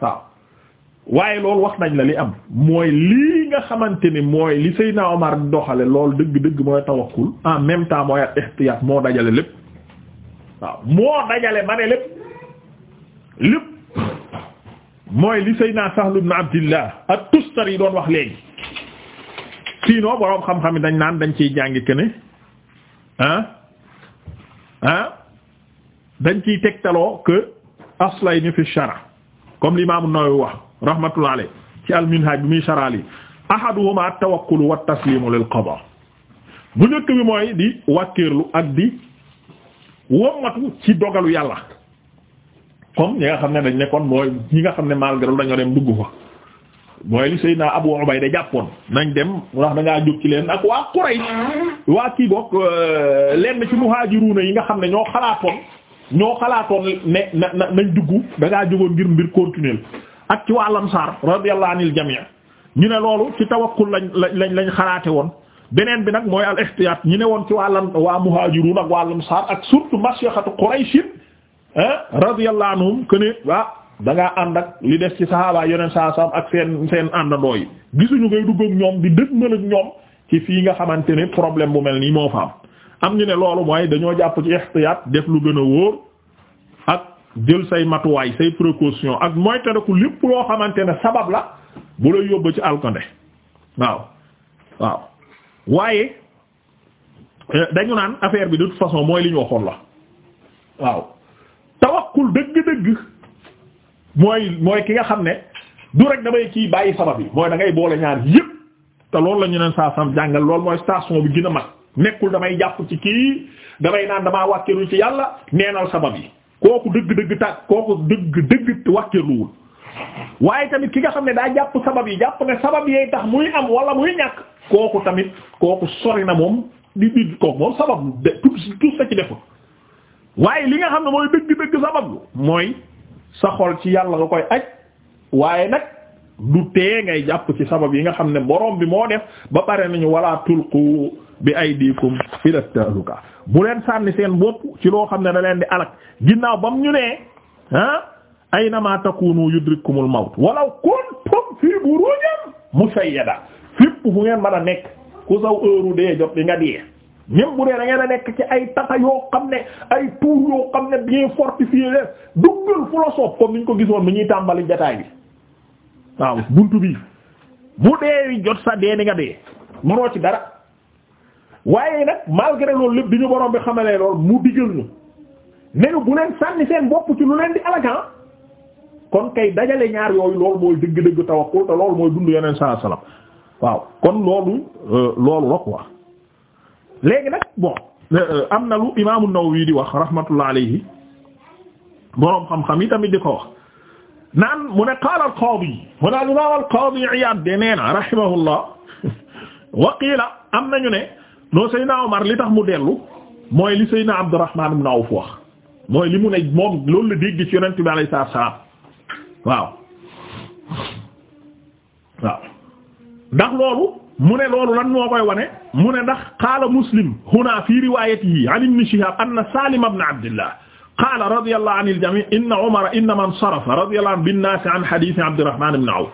waaw waaye loolu wax nañ la li am mooy lii nga xamante ni mooy li Seydina Omar doxale loolu dëgg-dëgg mooy tawakkul en même temps mooy ak ihtiyat moo dajale lépp waaw moo dajale ma ne lépp lépp mooy li Seydina Sahl ibn Abdillah at-Tustari doon wax léegi sinon boroom xam-xam yi dañ naan dañ ciy jàngi ke ne dañ ciy tegtaloo que aslay ni fi shara comme l'imam an-Nawawi wax rahmatullah alayhi ci al-Minhaj bi muy saral yi ahaduhuma at-tawakkulu wat-taslimu lil qada bu njëkk bi mooy di wàkkeerlu ak di wommatu ci dogalu yàlla comme ñi nga xam ne dañ nekkoon mooy ñi nga xam ne malgré dañoo dem dugg fa mooy li Seydina Abu Ubayda jàppoon nañ dem ndax da ngaa jóg ci leen ak waa Quraysh waa kii euh, lenn ci muhaajiruuna yi nga xam ne ñoo xalaatoon ñoo xalaatoon ne na na nañ dugg da ngaa jógoon ngir mbir continuer ak ci waa Ansaar radiyallahu anil jami' ñu ne loolu ci tawakkul lañ lañ lañ xalaate woon beneen bi nag mooy al ihtiyaat ñu ne woon ci waa lan waa muhaajiruun ak waa Ansaar ak surtout masyaxatu Quraysh eh, radiyallahu anhum que ne ah waa dangaa ànd ak li des ci saxaaba yeneen saa ak seen seen àndandoo yi gisuñu ngay dugg ñoom di dëgmal ak ñoom ci fii nga xamante ne problème bu mel nii moo fa am ñu ne loolu mooy dañoo jàpp ci def lu gën a wóor. jël say matuwaay say précaution ak mooy te ko lépp loo xamante ne sabab la bu lay yóbbu ci alkande waaw waaw waaye eh, dañu naan affaire bi de toute façon mooy li ñu waxoon la waaw tawakkul dëgg-dëgg mooy mooy ki nga xam ne du rek damay kii bàyyi sabab yi mooy da ngay boole ñaar yépp te loolu la ñu neen saa sam jàngal loolu mooy station bi gën a mag nekkul damay jàpp ci kii damay naan damaa wàkkiru ci yàlla neenal sabab yi kooku dëgg-dëgg tàkk kooku dëgg-dëgg wàcceluwul waaye tamit ki nga xam ne daa jàpp sabab yi jàpp ne sabab yee tax muy am wala muy ñàkk kooku tamit kooku sori na moom di di ko moom sabab lu de tout tout sa ci deful waaye li nga xam ne mooy dëgg-dëgg sabab mooy sa xol ci yàlla nga koy aj waaye nag du tee ngay jàpp ci sabab yi nga xam ne borom bi moo def ba pare nañu wala tulqu bi ay aydikum ila tahluka bu leen sànni seen bopp ci loo xam ne da leen di alak ginnaaw bam ñu nee ah aynama takunu yudrikumul mawt walaw kuntum fi burujin mushayyada fépp fu ngeen mën a nekk ku saw heure dee jot di nga dee même bu dee da ngeen a nekk ci ay tata yoo xam ne ay tour yoo xam ne bien fortifié duggal fu la soob comme niñ ko gisoon bi ñuy tàmbali jotaay bi waaw buntu bi bu dee jot sa dee ni nga dee mënoo ci dara waaye nag malgré loolu lépp di ñu borom bi xamalee lool mu digal ñu ne bu leen sànni seen bopp ci lu leen di alagan kon kay dajale ñaar yooyu loolu mooy dëgg-dëgg tawakkul te loolu mooy dund yeneen saa salaam waaw kon loolu euh, loolu rok wax léegi nag bon euh, am na lu imaamu Nawawi di wax rahmatullah alayhi boroom xam-xam yi tamit di ko wax naan mu ne qaala al-qaadi mu ne al-imaam al-qaadi Iyaad de nee na rahimahullah waqiila am nañu ne noo Seydina Omar li tax mu dellu mooy li Seydina Abdurrahmaan ibn Awf wax mooy li mu ne moom loolu la dégg ci Yonent bi alayhi salaatu wa salaam waaw waaw ndax loolu mu ne loolu lan moo koy wane mu ne ndax qaala Muslim huna fi riwaayatihi an Ibn Shihaab anna Saalim ibn Abdillah qaala radiyallahu anil jamii inna Umar innama insarafa radiyallahu anhu binnaasi an hadiisi Abdurrahmaan ibn Awf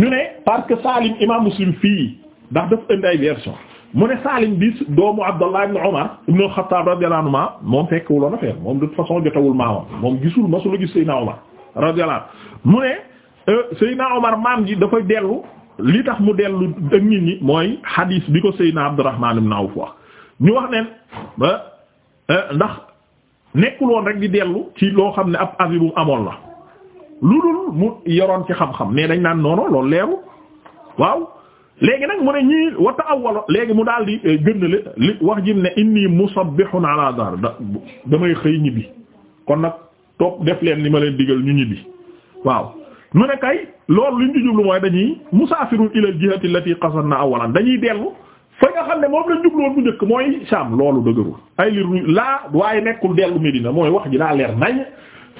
ñu ne parce que Salim imaam Muslim fii ndax daf indi ay version mu ne Salim bi doomu Abdallah ibn Umar ibn al-Khattab radiyallahu anhuma moom fekkewul woon affaire moom de toute façon jotawul maamam moom gisul ma su la gis Seydina Omar radiyallahu mu ne euh, Seydina Omar maam ji dafa dellu li tax mu dellu ak nit ñi mooy hadis bi ko Seydina Abdurrahmaan ibn Awf wax ñu wax ne euh, euh, ndax. nekkul woon rek di dellu ci loo xam ne ab avis bu amoon la lu dul mu yoroon ci xam-xam mais dañ naan noono loolu leeru waaw léegi nag mu ne ñii wata awwalo léegi mu daal di eh, gënnale li wax jim ne inni musabbihun ala dar da damay xëy ñibbi kon nag topp def leen li ma leen digal ñu ñibbi waaw mu ne kay loolu li ñu jublu mooy dañuy musaafirun ila al jihati allati qasadna awwalan dañuy dellu fa nga xam ne moom la jubloon bu njëkk mooy Sham loolu dëgërul ay li laa waaye nekkul dellu Medina mooy wax ji daa leer nañ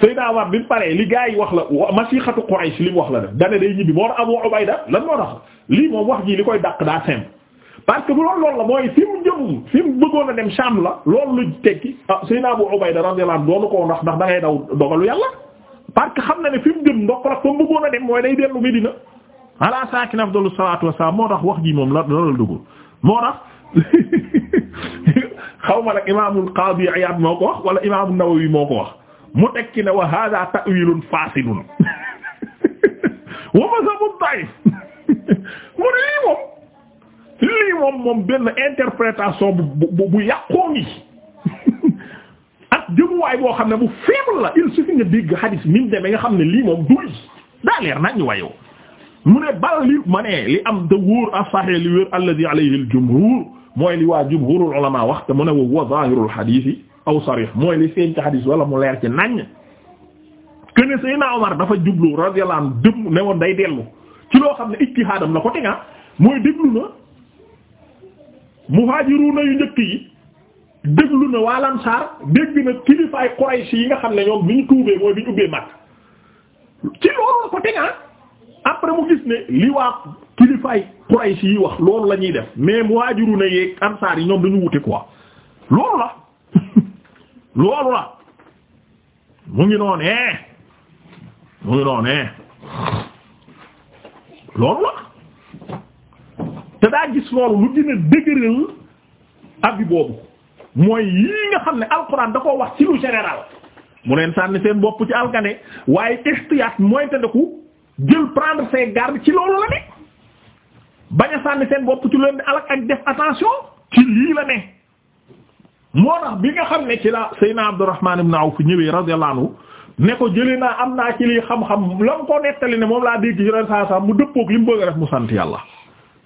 Seydina Umar bi mu paree li gaa yi wax la ma masixatu Quraysh li mu wax la dem dane day ñibbi moo Abu Ubayda lan moo tax lii moom wax ji li koy dàq daa simple parce que bu loolu loolu la mooy fi mu jëm fi mu bëggoon a dem Sham la lool lu tekki ah Seydina Abu Ubayda radiyallahu anhu doonu ko ndax ndax da daw dogalu yàlla parce que xam na ne fi mu jëm ndox la a dem mooy day dellu Medina ala sakin afdalu salatu wassalam moo wax ji moom la loolu la moo tax xaw ma nag imaamul Qaadi Iyaad moo ko wax wala imaamul Nawawi moo ko wax mu tekki ne wa haaza ta'wiilun faasidun wa mazhabun da'iif mu ne lii moom lii moom moom benn interprétation bu bu bu yàqoo ngi ak jëmuwaay boo xam ne bu faible la il suffit nga dégg hadis mi mu demee nga xam ne lii moom du daa leer nañ ñu mu ne bal li ma ne li am te wóor as-sahih li wér alladhi alayhi al mooy li waa jumhurul ulama wax te mu ne wa zahirul hadith yi aw sarih mooy li seen ci hadith wala mu leer ci naññ kene Seydina Omar dafa jublu radiyallahu anhu dëpp ne woon day dellu ci loo xam ne ijtihaadam la ko tega ah mooy déglu na muhaajiruuna yu njëkk yi déglu na waa Ansaar dégg na kilifaay Quraysh yi nga xam ne ñoom bi ñu tuubee mooy bi ñu ubbee Makka ci loolu la ko tega ah après mu gis ne li waa kilifaay Quraysh yi wax loolu la ñuy def mais muhaajiru na yeeg ansaar yi ñoom dañu wute quoi loolu la loolu la mu ngi noonee eh. mu ngi noonee eh. loolu la te daa gis loolu lu gën a abi boobu mooy yii nga xam ne alxuraan da koo wax ci lu général mu leen sànni seen bopp ci alkane waaye ihtiyat mooy te ndeku jël prendre ses gardes ci loolu la ne bañ a sànni seen bopp ci leen di alak ak def attention ci lii la ne moo tax bi nga xam ne ci la Seydina Abdourahman ibn Awf ñëwee radiyallahu anhu ne ko jëlee naa am naa ci lii xam-xam la mu ko nettali ne moom laa dégg ci ren saa mu dëppook li mu bëgg a def mu sant yàlla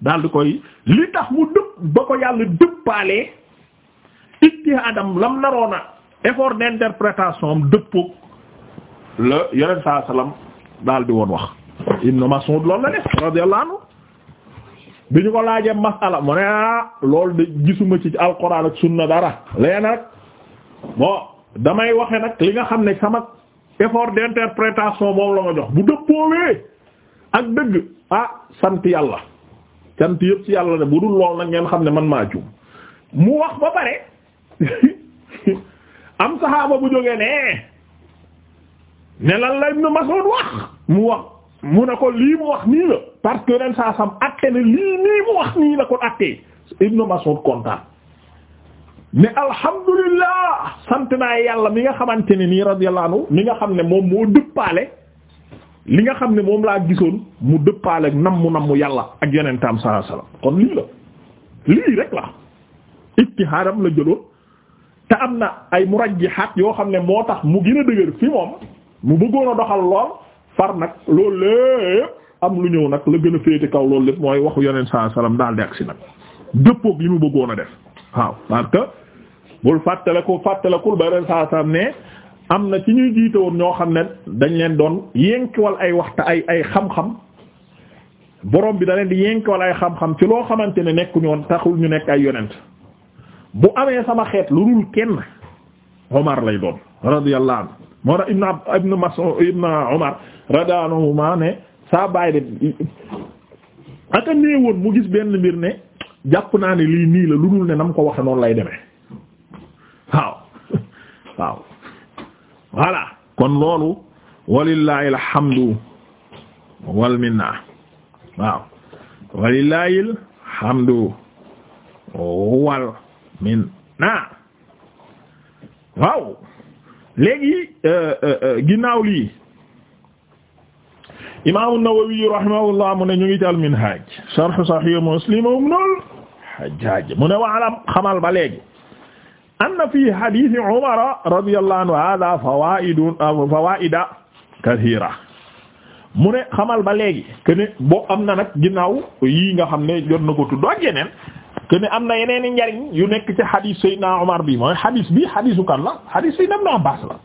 daal di koy li tax mu dëpp ba ko yàlla dëppaalee ijtihaadam lam naroona effort d'interprétation am dëppook la yoneen saa salaam daal di woon wax Ibn Mas'ud loolu la def radiyallahu anhu bi ñu ko laajee masala mu ne ah loolu de gisuma ci alquran ak sunna dara leen nag bon damay waxe nag li nga xam ne sama effort d'interprétation moom la ma jox bu dëppoowee ak dëgg ah sant yàlla sant yëpp ci yàlla ne bu dul lool nag ngeen xam ne man maa juum mu wax ba pare am saxaaba bu jógee ne ne lan la Ibn Mas'ud wax mu wax mu ne ko lii mu wax nii la parce que ren saa sam atte ne lii nii mu wax nii la kon attee Ibn Mas'ud kontaan ne alhamdulillah sant naa yàlla mi nga xamante ni nii radiyallahu anhu mi nga xam ne moom moo dëppaale li nga xam ne moom laa gisoon mu dëppaale ak nam mu nam mu yàlla ak yonentam sallallahu alayhi wasallam kon lii la lii rek la ijtihaadam la jëloon te am na ay murajjihaat yoo xam ne moo tax mu gën a dëgër fi moom mu bëggoon doxal lool far nag loolu lépp am lu ñëw nag la gën a féete kaw loolu lépp mooy waxu yonent saa salaam daal di agsi nag dëppook li mu bëggoon a def waaw parce que bul fàttaliku fàttalikul ba yonent saa salaam ne am na ci ñuy jiite woon ñoo xam ne dañ leen doon yenkiwal ay waxta ay ay xam-xam borom bi da leen di yenkiwal ay xam-xam ci loo xamante ne nekkuñu woon taxul ñu nekk ay yonent bu amee sama xeet lu dul kenn Omar lay doon radiyallahu anhu moo tax ibn ibn Mas'ud ibn Umar radiyallahu anhuma ne saa bàyyi de aka nee mu gis benn mbir ne jàpp naa ne lii nii la lu dul ne na mu ko waxe noonu lay demee waaw waaw voilà kon loolu walillahi alhamdu wal minna waaw léegi euh, euh, euh, ginnaaw lii imaamu Nawawi mu ne ñu ngi ci al-Minhaj sharh Muslim ibn al mu ne waalam xamal ba léegi anna fi hadith Umar radiyallahu anhu hadha fawaidun fawaida mu ne xamal ba léegi que ne am na nag ginnaaw yii nga xam ne jot na ko tudd ak yeneen que ne am na yeneen i njariñ yu nekk ci hadith Seydina Omar bi mooy hadith bi hadithu kan la hadith Seydina Ibn Abbas la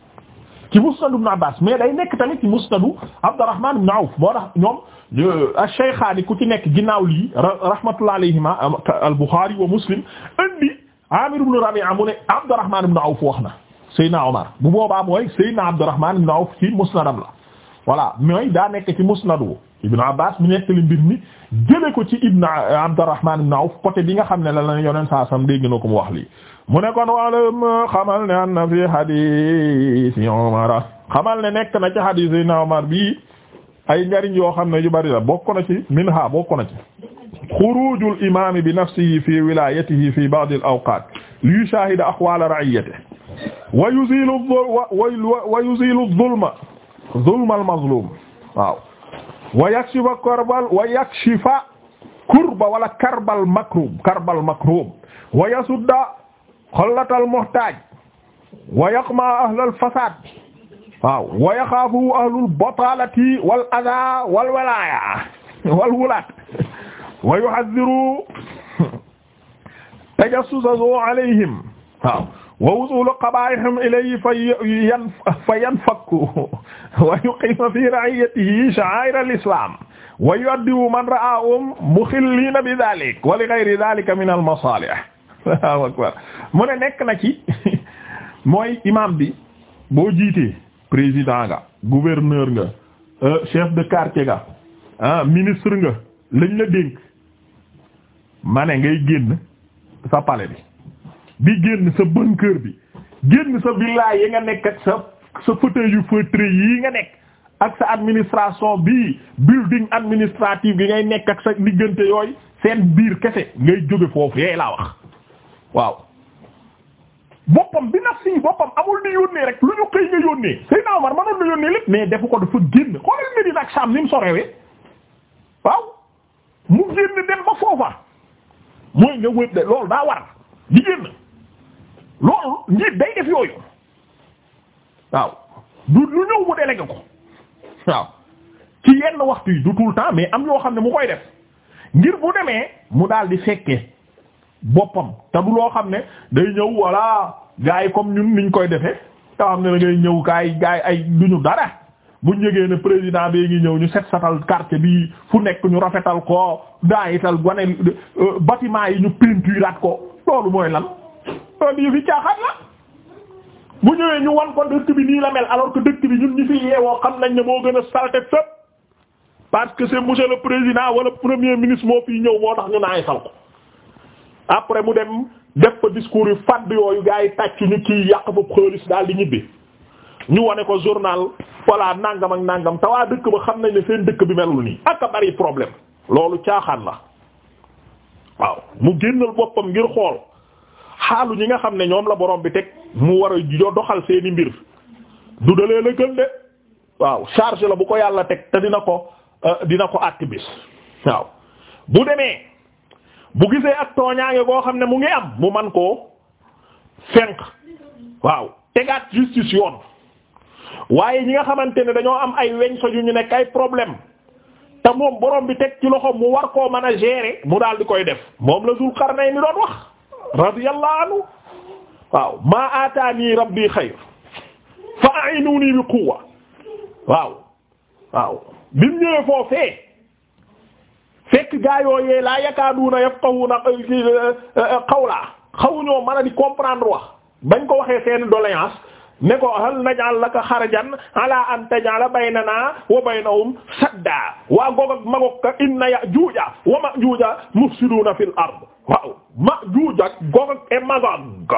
ci musnadu Ibn Abbas mais day nekk tamit ci musnadu Abdurrahman ibn Awf moo tax ñoom euh, Shaykhaani ku ci nekk ginnaaw lii rahmatullah alayhima al-Bukhari wa Muslim indi Amir ibn Rabi'a mu ne Abdurrahman ibn Awf wax na Seydina Omar bu boobaa mooy Seydina Abdurrahman ibn Awf ci musnadam la voilà mooy daa nekk ci musnadu Ibn Abbas mi nettali mbir mi jële ko ci Ibn Abdurrahman ibn Awf côté bi nga xam ne la la yoneen saa sam dégg ko mu wax lii mu ne kon walam xamal ne an na fi hadisi Umar xamal ne nekk na ci hadis yi na ay njariñ yoo xam ne yu bari la bokk na ci minha bokk na ci xurujul imami bi nafsihi fi wilayatihi fi ba'd al li yushahida ahwal ra'iyatihi wa yuzilu wa yuzilu zulma zulma al mazlum waaw wa yakshifa karbal wa yakshifa kurba wala karbal makrub karbal makrub wa yasudda xollatal muhtaaj wa yaqma ahlal fasaad waaw wa yaxaafu ahlul batalati wal adaa wal walaaya wal wulaat wa yuhadhiru tajassusa alayhim waaw wa wusulu qabaa'ihim ilayhi fa yan fa yanfakku wa yuqima fi ra'iyyatihi sha'a'ira al-islam wa yu'addibu man ra'aahum mukhilliina bi dhaalika wa li ghayri dhaalika min al-masaalih mu ne nekk na mooy imam bi boo jiitee président nga gouverneur euh, chef de quartier nga ah, ministre nga lañ la dénk ma ne ngay génn sa palais bi bi génn sa bunker bi génn sa villa yi nga nekk ak sa sa fauteuil yu feutré yi nga nekk ak sa administration bi building administrative gi ngay nekk ak sa diggante yooy seen biir kese ngay jóge foofu yee laa wax waaw boppam bi naf si boppam amul di yónnee rek lu ñu xëy nga yónnee Seydina Omar manoon na yónnee lépp mais defu ko dafa génn xoolal Medina ak Sham ni mu sorewee waaw mu génn dem ba foofa mooy nga wéb de loolu daa war di génn loolu njiit day def yooyu waaw du lu ñëw mu délégué ko waaw ci yenn waxtu yi du tout temps mais am yoo xam ne mu koy def ngir bu demee mu daal di fekke boppam te du loo xam ne day ñëw walla gars yi comme ñun liñ koy defe te xam ne da ngay ñëw kaay gaay ay ñu dara buñ yëgee ne président bi ngi ñëw ñu set satal karte bi fu nekk ñu rafetal ko daayital gone euh, bâtiment yi ñu peinturaat ko loolu mooy lal foog ne fi caaxaan la bu ñëwee ñu wan ko dëkk bi nii la mel alors que dëkk bi ñu ñu fi yeewoo xam nañ ne moo gën a saleté fépp parce que c'est monsieur le président wala premier ministre moo fi ñëw moo tax ñu ay sal ko après mu dem def fa discours yu fàdd yooyu gars yi tàcc ñu kii yàq fa xaalis daal di ñibbi ñu wane ko journal voilà nangam ak nangam te waa dëkk ba xam nañ ne seen dëkk bi melul nii ak a bari problème loolu caaxaan la waaw mu génnal boppam ngir xool xaalu ñi nga xam ne ñoom la borom bi teg mu war a doxal seeni mbir du dalee la gën de waaw charge la bu ko yàlla teg te dina ko euh, dina ko àtt bis waaw bu demee bu gisee ak tooñaange goo xam ne mu ngi am mu man koo fenk waaw tegaat justice yoon waaye ñi nga xamante ne dañoo am ay weñ soju ñu nekk ay problème te moom borom bi teg ci loxo mu war koo mën a gérer mu daal di koy def moom la Zul Qarnayni doon wax radiyallahu anhu waaw maa aataani rabbi xayr fa a'inuni bi quwwa waaw waaw bi mu ñëwee foofee fekk gaa yooyee laa yakaaduuna yafqahuuna qawla xawuñoo mën a di comprendre wax bañ ko waxee seen doléance ne ko hal naj'al laka xarajan a an taj'ala baynana wa baynahum sadda waa Gog Magog ka inna ya'juuja wa ma'juuja mufsiduuna fil ard waaw ma'juuj ak e Gog ak Magog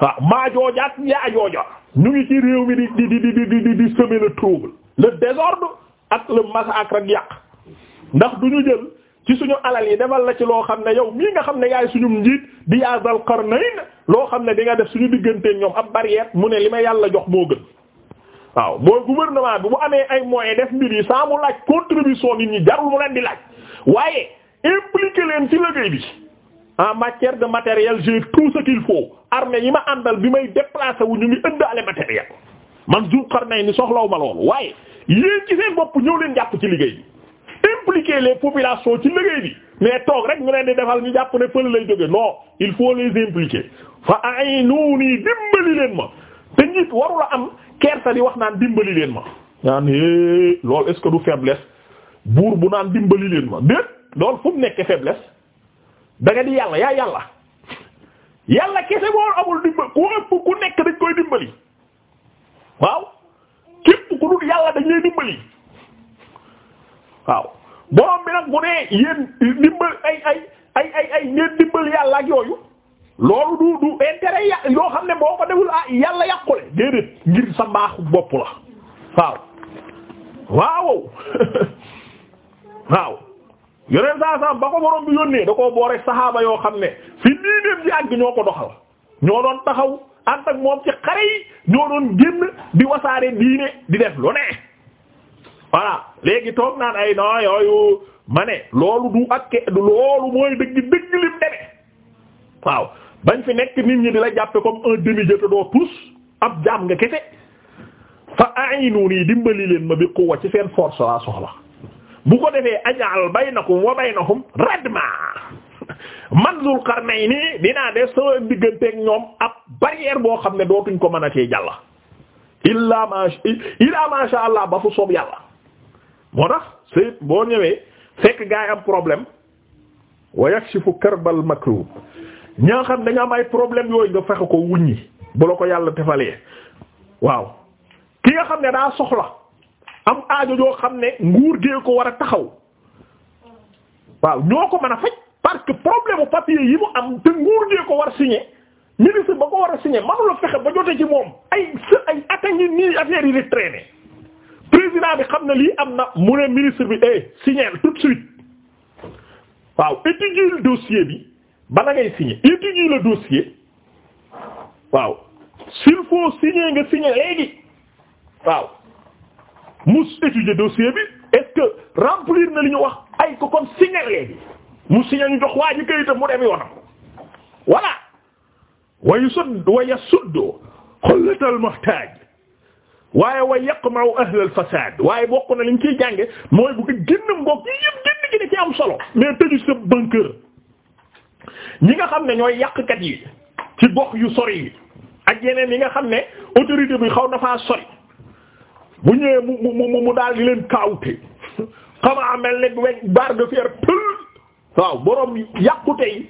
waaw maajooja ak yaajooja ñu ngi ci réew mi di di di di di di le trouble ak le massacre ak yàq ndax du ñu jël. ci suñu alal yi defal na ci loo xam ne yow mii nga xam ne yaay suñu njiit di yaa Zal na loo xam ne di nga def suñu diggante ñoom ab barrière mu ne li ma yàlla jox moo gën waaw boo gouvernement bi bu amee ay moyen def mbir yi saa mu laaj contribution nit ñi jarul mu leen di laaj waaye impliqué leen ci liggéey bi en matière de matériel j'ai tout ce qu'il faut yi ma àndal bi may déplacé wu ñu ngi ëndaale matériel man Zul Qarnayn ni soxlaw ma loolu waaye yéen ci seen bopp ñëw leen jàpp ci liggéey impliquer les populations ci liggéey bi mais toog rek ñu leen di defal ñu jàpp ne fële lay jóge non il faut les impliquer fa ay noonu yi dimbali leen ma te nit warula am kersa di wax naan dimbali leen ma naan é eh, loolu est-ce du faiblesse buur bu naan dimbali leen ma déet loolu fu mu nekkee faiblesse da di yàlla yaa yàlla yàlla kese boo amul dimbali ku nekk dañ koy dimbali waaw képp ku dul yàlla dañ lay dimbali waaw borom bi nag bu ne yéen dimbal ay ay ay ay ay ngeen yàlla ak yooyu loolu du du intérêt ya yoo xam ne boo ko deful ah yàlla yàqule déedéet ngir sa mbaaxu bopp la waaw waaw waaw yeneen saa saa ba ko borom bi yónnee da koo boore saxaaba yoo xam ne fi diineem ji àgg ñoo ko doxal ñoo doon taxaw ànd ak moom ci xare yi ñoo doon génn di wasaare diine di def lu voilà léegi toog naan ay no yooyu ma ne loolu du ak loolu mooy dëgg dëgg lim deme waaw bañ fi nekk nit ñi di la jàppe comme un demi jeu te doo tus ab jaam nga kese fa a'inuni dimbali leen ma bi quwwa ci seen force laa soxla bu ko defee aj'al baynakum wa baynahum radma man Dul Qarnayni dinaa def sama digganteeg ñoom ab barrière boo xam ne dootuñ ko mën a cee jàll. illaa ma illaa ma sha Allah ba fu soob yàlla moo tax sëy boo ñëwee fekk gaa yi am problème wa yakshifu bal makrub ñaa xam dañu am ay problème yooyu nga fexe ko wuññi bu la ko yàlla tefalee waaw ki nga xam ne daa soxla am aajo joo xam ne nguur gee ko war a taxaw waaw ñoo ko mën a faj parce que problème u papier yi mu am te nguur gee ko war signé ministre ba ko war a signé mënu la fexe ba jote ci moom ay ay ata ngi nii affaire yi di traîner président bi xam na lii am na mu ne ministre bi eh tout de waaw étudier dossier bi bala ngay signer étudier le dossier waaw s'il faut nga signer léegi waaw mu étudier dossier bi est que remplir na li ñu wax ay ko kon signer léegi mu signer ñu jox waa ji kayitam mu dem yoonam voilà. wa yasud wa yasud xullatal muhtaaj waaye wa yaqma'u ahla al-fasad waaye bokk na li ñu ciy jànge mooy bugg ko génnam ngoog ñi yëpp génn gi da ci am solo mais tëju sa bunker ñi nga xam ne ñooy yàq kat yi ci gox yu sori yi ak yeneen yi nga xam ne autorité bi xaw dafa faa sori bu ñëwee mu mu mu daal di leen kaawute xama mel ne weñ barre de fer pël waaw borom yàqute yi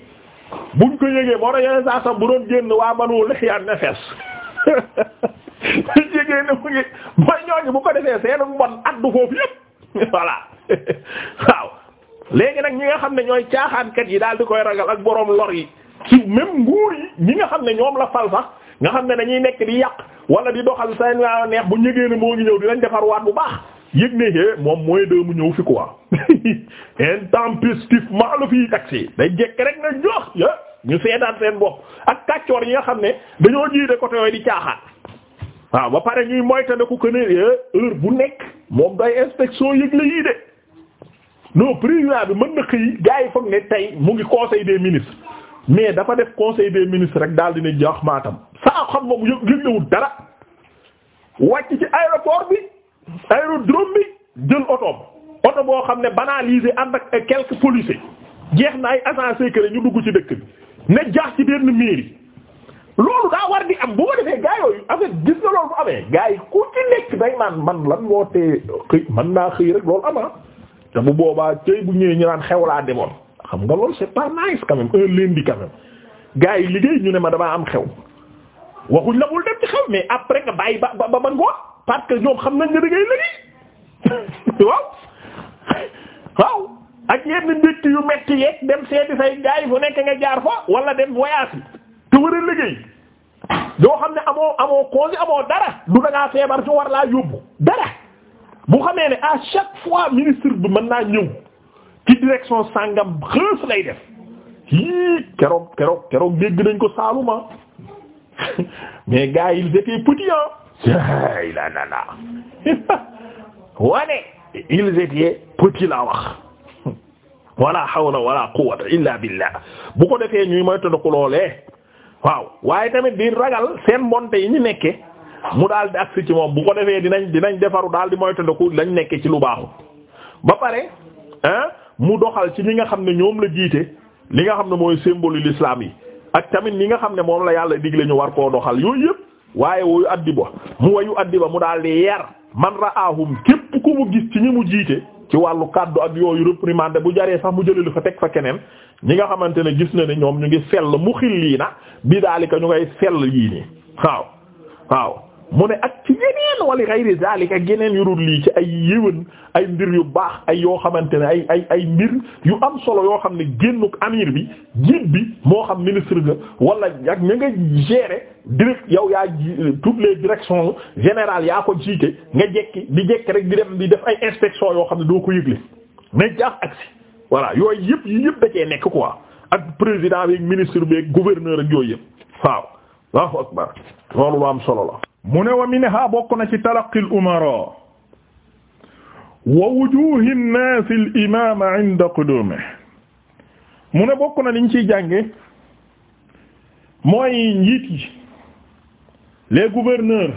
buñ ko yëgee moo tax yeneen saa sax bu doon génn waa Banu Lihya ne fees jege na mu ngi mooy ñooñu bu ko defee seen mbon addu foofu yëpp voilà waaw léegi nag ñi nga xam ne ñooy caaxaankat yi daal di koy ragal ak borom lor yi ci même nguur yi ñi nga xam ne ñoom la fal sax nga xam ne dañuy nekk di yàq wala di doxal seen nga neex bu ñëgee ne moo ngi ñëw dinañ defar waat bu baax yëg ne hé eh, moom mooy dee mu ñëw fi quoi intempestivement la fiy taxi day jekk rek na jox eh, ñu seetaan seen bopp ak kàccoor yi nga xam ne dañoo jiite côté yooyu di waaw ba pare ñuy moytandiku que ne eh, heure bu nekk moom day inspection yëgle yii de non président bi mën na xëy gars yi foog ne tey mu ngi conseil des ministres mais dafa def conseil des ministre rek daal dina jox maatam saa xam moom yëglewul dara wàcc ci aéroport bi aérodrome bi jël otoom oto boo xam ne banalisé ànd quelque policier jeex na ay agents secrets ñu dugg ci dëkk bi ne jaax ci benn mairie. loolu daa war di am bu defee gaa yooyu en fait gis na loolu bu amee gaa ku ci nekk day naan man lan moo xëy mën naa xëy rek loolu ama ah. te boobaa tey bu ñëwee ñu naan xew laa demoon xam nga loolu c'est pas nice quand même un lundi quand même gaa liggéey ñu ne ma damaa am xew waxuñ la bul dem ci xew mais après nga bàyyi ba ba ba ngoon parce que ñoom xam nañ ne da ngay liggéey waaw ak yenn mbégte yu metti yeeg dem seeti say gaa yi fu nekk nga jaar fa wala dem voyage te war a xam ne amoo amoo congé amoo dara du da feebar su war laa yóbbu dara bu xamee ne à chaque fois ministre bi mën naa ñëw ci direction sàngam xës lay def yii keroog keroog keroog dégg nañ ko saaluma mais gars yi ils étaient petits ah la laa wax wala hawla wala quwwata illa billah bu ko defee ñuy moytandiku loolee waaw waaye tamit di ragal seen mbonte yi ñu nekke mu daal di agsi ci moom bu ko defee dinañ dinañ defaru daal di moytandiku lañ nekke ci lu baaxu ba pare ah mu doxal ci ñi nga xam ne ñoom la jiite li nga xam ne mooy symbole lislaam yi ak tamit ñi nga xam ne moom la yàlla digle ñu war koo doxal yooyu yëpp waaye woyu addiba mu wayu ba mu daal di yar man raahum képp ku mu gis ci ñi mu jiite ci wàllu kàddu ak yooyu réprimander bu jaree sax mu jëlelu fa teg fa keneen ñi nga xamante ne gis na ne ñoom ñu ngi sell mu xil lii na bi daalika ñu ngay sell yii nii waaw waaw mu ne ak ci yeneen wali ghayri zalik ak yeneen yu dul lii ci ay yéwén ay mbir yu baax ay yoo xamante ne ay ay ay mbir yu am solo yoo xam ne génnuk amir bi jiit bi moo xam ministre ga walla ak ña nga gérer direct yow yaa toutes les directions général yaa ko jiite nga jekki di jekki rek di dem def ay inspection yoo xam ne doo ko yëgle mais jaax ak si voilà yooyu yëpp yëpp da cee nekk quoi ak président bi ak ministre bi ak gouverneur ak yooyu yëpp waaw waaw akbar loolu lu am solo la mu ne wa minha bokk na ci talaqqi al-umara wa wujuhi an-nas al-imam mu ne bokk na li ñu ci jànge mooy njiit yi les gouverneurs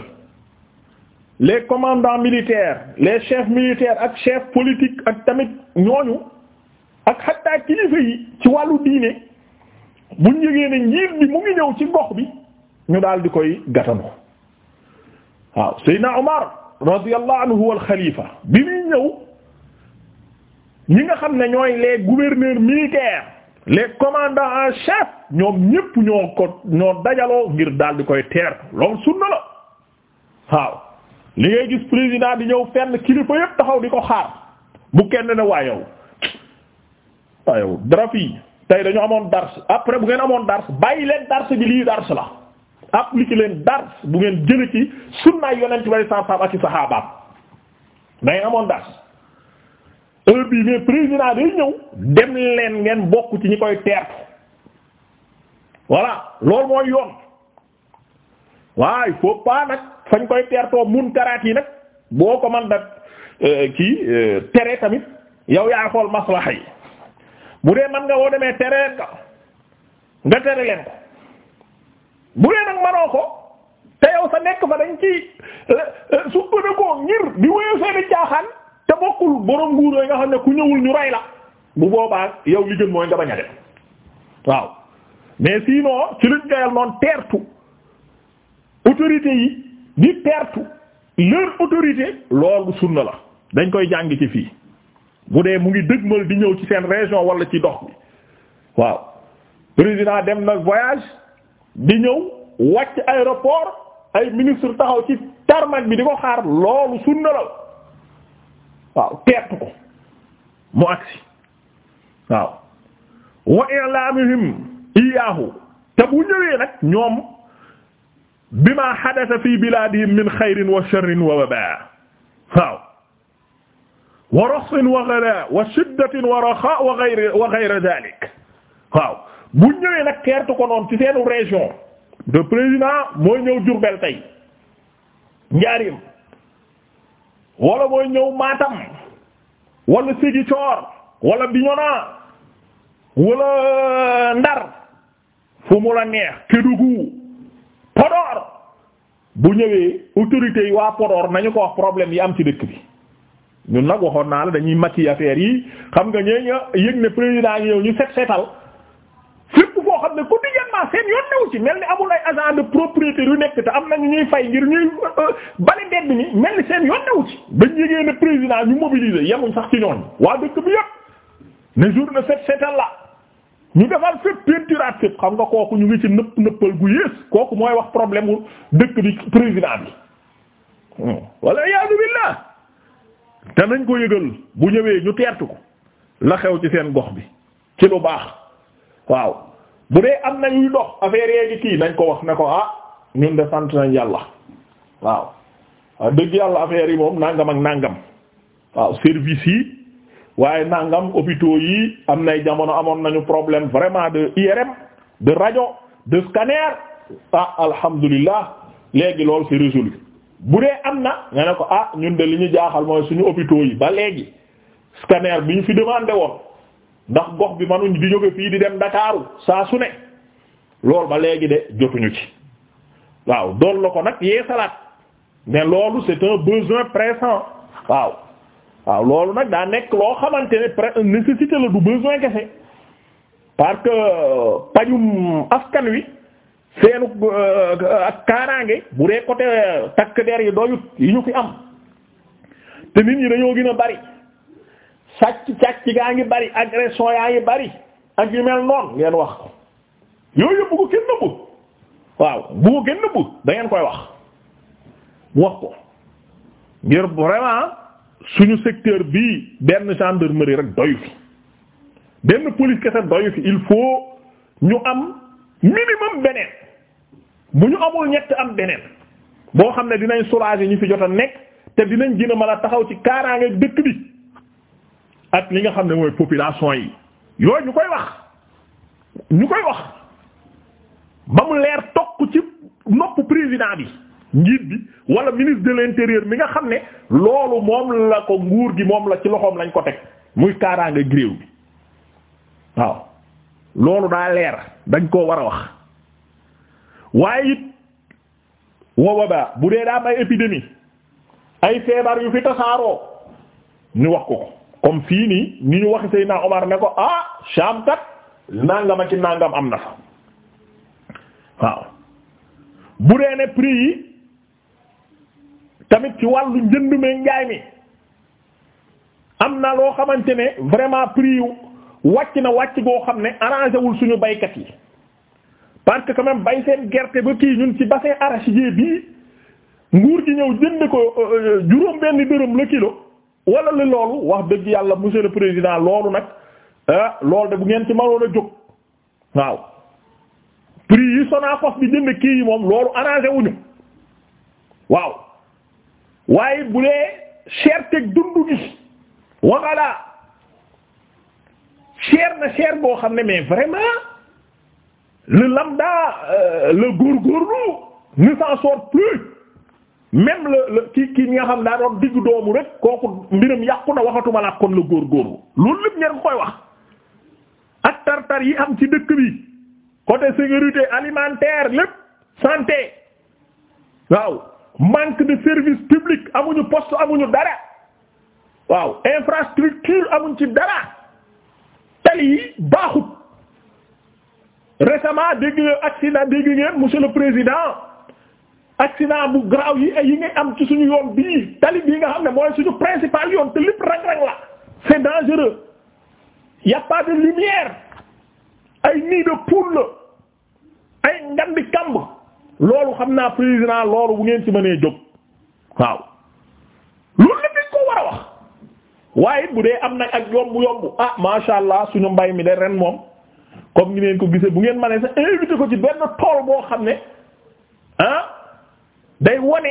les commandant militaires les chefs militaires ak chefs politiques ak tamit ñooñu ak xatta kilifa yi ci wàllu diine buñ yëgee ne njiit bi mu ngi ñëw ci gox bi ñu daal di koy gatanu waaw Seydina Omar radiyallahu anhu huwa al-xalifa bi muy ñëw ñi nga xam ne ñooy les gouverneurs militaires les commandant en chef ñoom ñépp ñoo ko ñoo dajaloo ngir daal di koy teer loolu sunna la waaw li ngay gis président di ñëw fenn kilifa yépp taxaw di ko xaar bu kenn ne waa yow waa dara fii tey dañu amoon dars après bu ngeen amoon dars bàyyi leen dars bi lii dars la appliquer leen dars bu ngeen jële ci sunnaay yonent bi sallallahu alayhi wasallam ak i saxaabaam na ngeen amoon dars heure bii mais président day ñëw dem leen ngeen bokk ci ñu koy teertu voilà loolu mooy yoon waaye faut pas nag fañ koy teertoo munkaraat yi nag boo ko man da euh, kii euh, tere tamit yow yaay xool maslaha yi bu dee man nga woo demee tere leen nga tere leen ko bu dee nag manoo ko te yow sa nekk fa dañ ci sukkandikoo ngir di wéyoo seeni jaaxaan te bokkul borom nguur yi nga xam ne ku ñëwul ñu rey la bu boobaa yow li gën mooy nga bañ a def waaw mais sinon ci luñ gayal noonu teertu autorité yi di teertu leur autorité loolu sunna la dañ koy jàng ci fii bu dee mu ngi dëgmal di ñëw ci seen région walla ci dox bi waaw président dem na voyage di ñëw wàcc aéroport ay ministre taxaw ci tarmac bi di ko xaar loolu sunna la waaw teertu ko mu agsi waaw wa i'lamihim iyaahu te bu ñëwee nag ñoom bima xadata fi bilaadihim min xayrin wa sharrin wa wabaa waaw wa raxsin wa ghalaa wa shiddatin wa raxaa wa gayri wa gayri daalik waaw bu ñëwee nag teertu ko noon ci seenu région de président mooy ñëw Diourbel tey njaarim wala mooy ñëw Matam wala Ziguinchor wala Bignona wala Ndar fu mu la neex Kédougou Podor bu ñëwee autorités yi waa Podor nañu ko wax problème yi am ci dëkk bi ñun nag waxoon naa la dañuy màcc affaire yi xam nga ñee nga yëg ne président ñëw ñu set setal seen yoon newu ci mel ni amul ay agent de propriété yu nekk te am nañu ñuy fay ngir ñuy euh, euh, bale dedd ñi mel ni seen yoon newu ci bañ yégee ne président ñu mobiliser yemuñ sax ci ñooñ waa dëkk bi yëpp ne jour na set setal la ñu defal fépp peinturaat fépp xam nga kooku ñu ngi ci nëpp nëppal gu yées kooku mooy wax problème dëkk bi président bi hmm. walla iyaadu billaah te nañ ko yëgal bu ñëwee ñu teertu ko la xew ci seen gox bi ci lu baax waaw bu dee am na ñuy dox affaire yee ngi kii nañ ko wax ne ko ah ñun de sant nañ yàlla waaw waaw dëgg yàlla affaire yi moom nangam ak nangam waaw service yi waaye nangam hôpitaux yi am nay jamono amoon nañu problème vraiment de IRM de radio de scanner ah alhamdulillah léegi loolu c'est résolu bu dee am na nga ne ko ah ñun de li ñu jaaxal mooy suñu hôpitaux yi ba léegi scanner bi ñu fi demande woon ndax gox bi manuñ di jóge fii di dem ndakaaru saa su ne loolu ba léegi de jotuñu ci waaw dool la ko nag yee salaat mais loolu c'est un besoin pressant waaw waaw loolu nag daa nekk loo xamante ne nécessité la du besoin kese parce que euh, pajum askan wi seenu euh, ak kaaraange bu dee côté euh, takk der yi doyut yi ñu fi am te nit ñi dañoo gën a bari càcc càcc gaa ngi bari agression yaa ngi bari ak yu mel noonu ngeen wax ko yooyu yëpp ko kenn nëbbu waaw bu ko kenn nëbbu da koy wax wax ko ngir vraiment suñu secteur bi benn gendarmerie rek doyu fi benn police kese doyu fi il faut ñu am minimum beneen bu ñu amul ñett am beneen boo xam ne dinañ soulager ñu fi jot a nekk te dinañ gën a mën a taxaw ci kaaraange dëkk bi. ak li nga xam ne mooy population yi yooyu ñu koy wax ñu koy wax ba mu leer tokk ci nopp président bi njiit bi wala ministre de l'intérieur mi nga xam ne loolu moom la ko nguur gi moom la ci loxoom lañ ko teg muy kaaraanga gréew bi waaw loolu daa leer dañ koo war a wax waaye it wooba ba bu dee daa am ay ay feebar yu fi tasaaroo ñu wax ko ko comme fii nii ni ñu waxe Seydina Omar ne ko ah Sham kat nangama ci nangam am na fa waaw bu dee ne yi tamit ci wàllu njënd mi njaay mi am na loo xamante ne vraiment prix yu wàcc na wàcc goo xam ne arrangé wul suñu baykat yi parce que quand même bay seen gerte ba kii ñun ci bassin arachidier bii nguur gi ñëw jënd ko euh, euh, juróom benn dërëm la kilo wala li loolu wax dëgg yàlla monsieur le président loolu nag ah loolu de bu ngeen ci mënoon a jóg waaw prix yi Sonacos bi jënd kii yi moom loolu arrangé wuñu waaw waaye bu dee teg dundu gi waxalaa cher na cher boo xam ne mais vraiment le lambda euh, le góorgóorlu ne s'en sort plus même le le kii kii nga xam daa doon diggu doomu rek kooku mbiram yàqu na waxatuma la kon la góorgóorlu loolu lépp ngeen koy wax ak tartar yi am ci dëkk bi côté sécurité alimentaire lépp santé waaw manque de service public amuñu poste amuñu dara waaw infrastructure amuñ ci dara tali yi baaxut récemment dégg ngeen accident dégg ngeen monsieur le président. naa bu graw yi ay yi ngay am ci suñu yoon bii tali bii nga xam ne mooy suñu principal yoon te lépp rang-rang la c'est dangereux y a pas de lumière ay nid de poule ay ngandi kamb loolu xam naa président loolu bu ngeen ci mënee jóg waaw loolu la ko war a wax waaye bu dee am nag ak yombu yombu ah masha Allah suñu mbay mi de ren moom comme ni ngeen ko gisee bu ngeen mënee sa invité ko ci benn tool boo xam ne day wone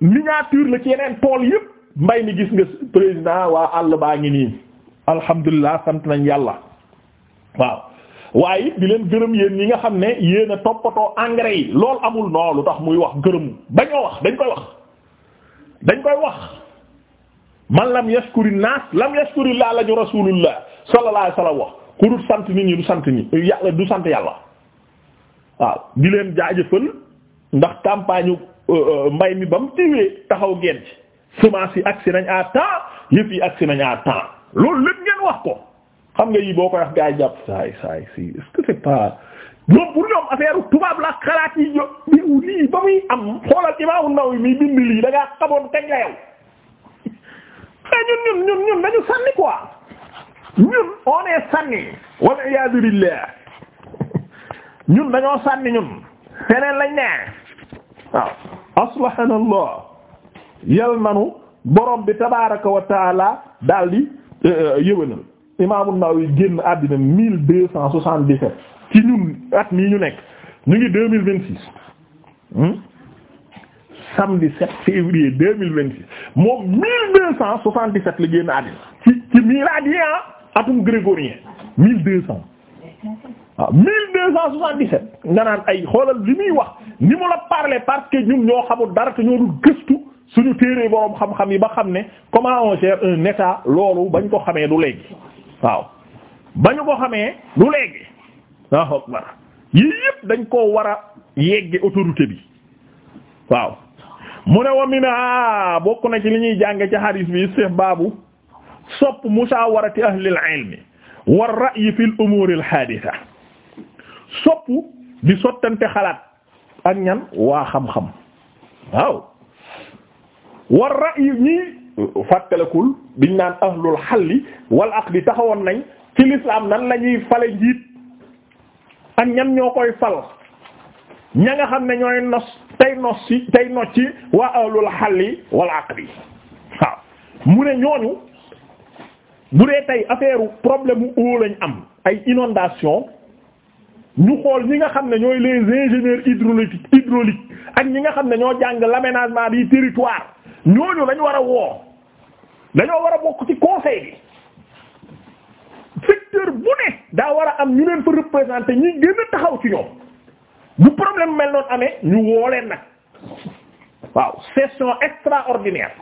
miniature la ci yeneen tool yëpp mbay mi gis nga président waa àll baa ngi nii alhamdulilah sant nañ yàlla waaw waaye di leen gërëm yéen ñi nga xam ne yéen a toppatoo engrais yi loolu amul noo lu tax muy wax gërëm bañoo wax dañ koy wax dañ koy wax man lam yashkuri naas lam yashkuri laa lañu rasulullah sallallahu alayhi wasallam wax ku dul sant nit ñi du sant ñi yàlla du sant yàlla waaw di leen jaajëfal ndax campagne mbay mi ba mu tiwee taxaw ngeen ci semence yi agsi nañ à temps yëf yi agsi nañ à temps loolu lépp ngeen wax ko xam nga yi boo ko wax gaa jàpp saay saay si est-ce que c'est pas ñoom pour ñoom affaire tubaab la xalaat yi jo biu lii ba muy am xoolal Imaamu Nawawi mi bind lii da ngaa xamoon teg la yow mais ñun ñun ñun ñun dañu sànni quoi ñun on sànni wal iyaadu billah ñun dañoo sànni ñun feneen lañ ne waaw aslahana allah yal nanu borom bi tabaraka wa taala daal di euh, euh, yëwénal imaamu Nawawi génn àddina mille deux cent soixante-dix-sept ci ñun at mii ñu nekk ñu ngi deux mille vingt-six hmm? samedi 7 février deux mille vingt-six moom mille deux cent soixante-dix-sept la génn àddina ci ci miilaad yi ah, atum grégorien waaw mille deux cent soixante-dix-sept nga naan ay xoolal li muy wax ni mu la parler parce que ñoo xamul dara te ñoo dul gëstu suñu téere boroom xam-xam yi ba xam ne comment on gère un état loolu bañ ko xamee du léegi waaw bañu ko xamee du léegi waaw yii yëpp dañ koo war a yegge autorité bi waaw mu ne wa mina bokk na ci li ñuy jànge ci hadis bi istihbaabu sopp musaawarati ahlil ilmi war ra'yi fil umuuril haadisa soppu di sottante xalaat ak ñan waa xam-xam waaw war ra'yu ñii fàttalekul biñ naan ahlul xalli ak aqdi taxawoon nañ ci lislaam nan la ñuy fale njiit ak ñan ñoo koy fal ña nga xam ne ñooy nos tey nos ci tey nos ci waa ahlul xalli wal aqdi waaw mu ne ñooñu bu dee tey affaire problème mu lañ am ay inondation ñu xool ñi nga xam ne ñooy les ingénieurs hydrauliques hydrauliques ak ñi nga xam ne ñoo jàng l'aménagement du territoire ñooñu lañ war a woo dañoo war a bokk ci conseil bi secteur bu ne daa war a am ñu leen fa représenter ñi gën taxaw ci ñoom bu problème mel noonu amee ñu woo leen nag waaw session extraordinaire